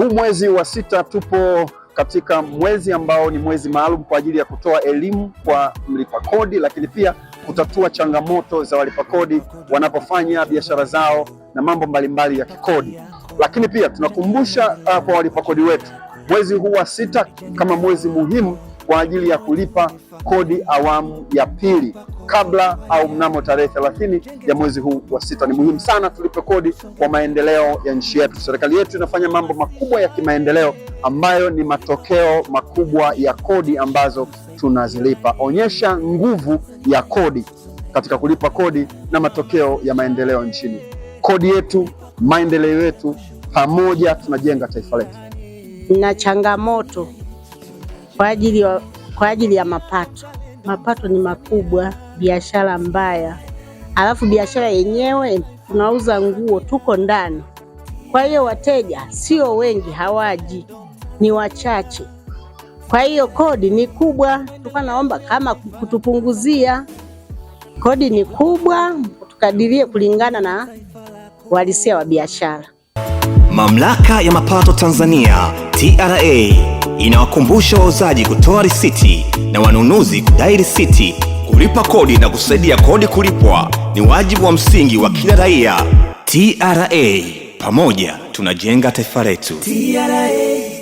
Huu mwezi wa sita tupo katika mwezi ambao ni mwezi maalum kwa ajili ya kutoa elimu kwa mlipa kodi, lakini pia kutatua changamoto za walipa kodi wanapofanya biashara zao na mambo mbalimbali ya kikodi. Lakini pia tunakumbusha uh, kwa walipa kodi wetu mwezi huu wa sita kama mwezi muhimu kwa ajili ya kulipa kodi awamu ya pili kabla au mnamo tarehe 30 ya mwezi huu wa sita. Ni muhimu sana tulipe kodi kwa maendeleo ya nchi yetu. Serikali yetu inafanya mambo makubwa ya kimaendeleo ambayo ni matokeo makubwa ya kodi ambazo tunazilipa. Onyesha nguvu ya kodi katika kulipa kodi na matokeo ya maendeleo nchini. Kodi yetu, maendeleo yetu, pamoja tunajenga taifa letu. Na changamoto kwa ajili ya, kwa ajili ya mapato mapato ni makubwa, biashara mbaya. Alafu biashara yenyewe tunauza nguo, tuko ndani, kwa hiyo wateja sio wengi, hawaji, ni wachache. Kwa hiyo kodi ni kubwa, tulikuwa naomba kama kutupunguzia kodi ni kubwa, tukadirie kulingana na uhalisia wa biashara. Mamlaka ya Mapato Tanzania TRA inawakumbusha wauzaji kutoa risiti na wanunuzi kudai risiti. Kulipa kodi na kusaidia kodi kulipwa ni wajibu wa msingi wa kila raia. TRA, pamoja tunajenga taifa letu. TRA.